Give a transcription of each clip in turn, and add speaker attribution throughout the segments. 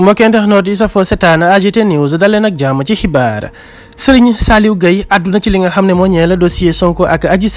Speaker 1: mbokki internet yi safoo setaan AGT news daleen ak jàmm ci xibaar Serigne Saliou Gueye àdduna ci li nga xam ne moo ñeel dossier Sonko ak Adji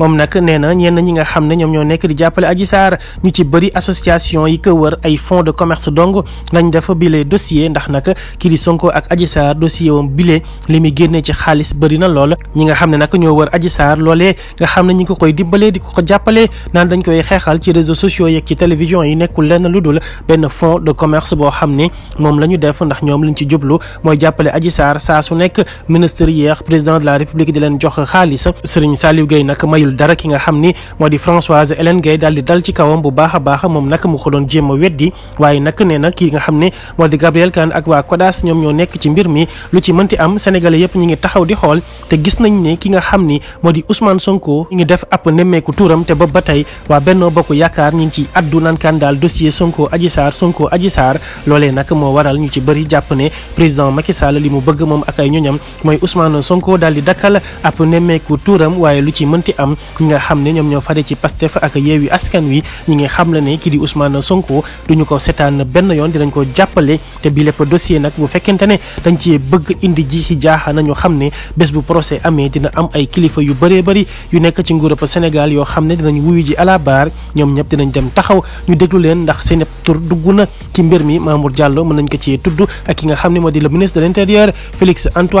Speaker 1: moom nag nee na ñenn ñi nga xam ne ñoom ñoo nekk di jàppale Adji saar ñu ci bëri association yi ko wër ay fonds de commerce dong lañ def bile dossier ndax nag kii di Sonko ak Adji Sarr dossier wam bile li muy génnee ci xaalis bëri na lool ñi nga xam ne nag ñoo wër Adji Sarr loolee nga xam ne ko koy dimbalee di ko ko jàppale naan dañ koy xeexal ci réseaux sociaux yeeg ci yi nekkul lenn lu dul benn fonds de commerce boo xam ne moom la ñu def ndax ñoom lañ ci jublu mooy jàppale Adji Sarr saa su nekk ministre yeex président de la république di leen jox xaalis Serigne Saliou Gueye nag mayul dara ki nga xam ni moo di Françoise Hélène Gueye daal di dal ci kawam bu baax a baax moom nag mu ko doon jéem a weddi waaye nag nee na ki nga xam ne moo di Gabriel Kane ak waa CODAS ñoom ñoo nekk ci mbir mi lu ci mënti am sénégalais yëpp ñu ngi taxaw di xool te gis nañ ne ki nga xam ni moo di Ousmane Sonko ñi ngi def ab nemmeeku tuuram te boobu ba tey waa Benno Bokk Yaakaar ñi ngi ci addu naan kan daal dossier Sonko Adji Sarr Sonko Adji Sarr loolee nag moo waral ñu ci bëri jàpp ne président Macky Sall li mu bëgg moom ak ay ñoñam am mooy Ousmane Sonko daal di dakkal ab nemmeeku tuuram waaye lu ci mënti am ki nga xam ne ñoom ñoo fare ci Pastef ak Yewwi Askan Wi ñi ngi xam la ne kii di Ousmane Sonko duñu ko seetaan benn yoon dinañ ko jàppale te bi lépp dossier nag bu fekkente ne dañ ci bëgg indi ji ci jaaxa nañu xam ne bés bu procès amee dina am ay kilifa yu bëree bëri yu nekk ci nguurub Sénégal yoo xam ne dinañ wuyu ji à la barre ñoom ñëpp dinañ dem taxaw ñu déglu leen ndax seen tur dugg na ci mbir mi Mamour Diallo mën nañ ko ci tudd ak ki nga xam ne moo di le ministre de l'intérieur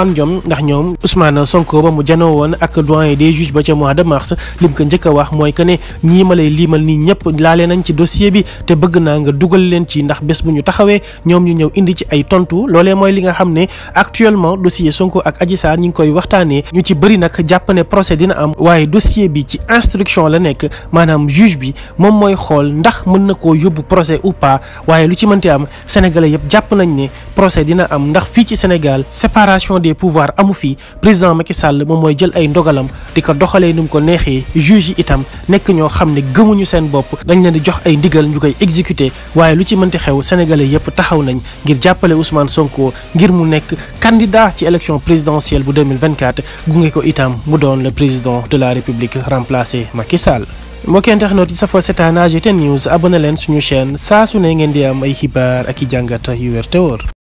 Speaker 1: am jom ndax ñoom Ousmane Sonko ba mu janoo woon ak doyen des juges ba ca mois de mars lim ko njëkk a wax mooy que ne ñii liimal nii ñëpp laale nañ ci dossier bi te bëgg naa nga dugal leen ci ndax bés bu ñu taxawee ñoom ñu ñëw indi ci ay tontu loolee mooy li nga xam ne actuellement dossier Sonko ak Adji Sarr ñu ngi koy waxtaanee ñu ci bari nag jàpp ne procès dina am waaye dossier bi ci instruction la nekk maanaam juge bi moom mooy xool ndax mën na koo yóbbu procès ou pas waaye lu ci mënti am sénégalais yëpp jàpp nañ ne procès dina ci Sénégal pouvoir amu fi président Macky Sall moom mooy jël ay ndogalam di ko doxalee ni ko neexee juge yi itam nekk ñoo xam ne gëmuñu seen bopp dañ leen di jox ay ndigal ñu koy exécuter waaye lu ci mënti xew sénégalais yépp taxaw nañ ngir jàppale Ousmane Sonko ngir mu nekk candidat ci élection présidentielle bu 2024 gunge ko itam mu doon le président de la République remplacé Macky Sall. mbokki internet yi safoo seetaan AGT News abonné leen suñu chaîne saa su ne ngeen di am ay xibaar ak i jàngat yu wér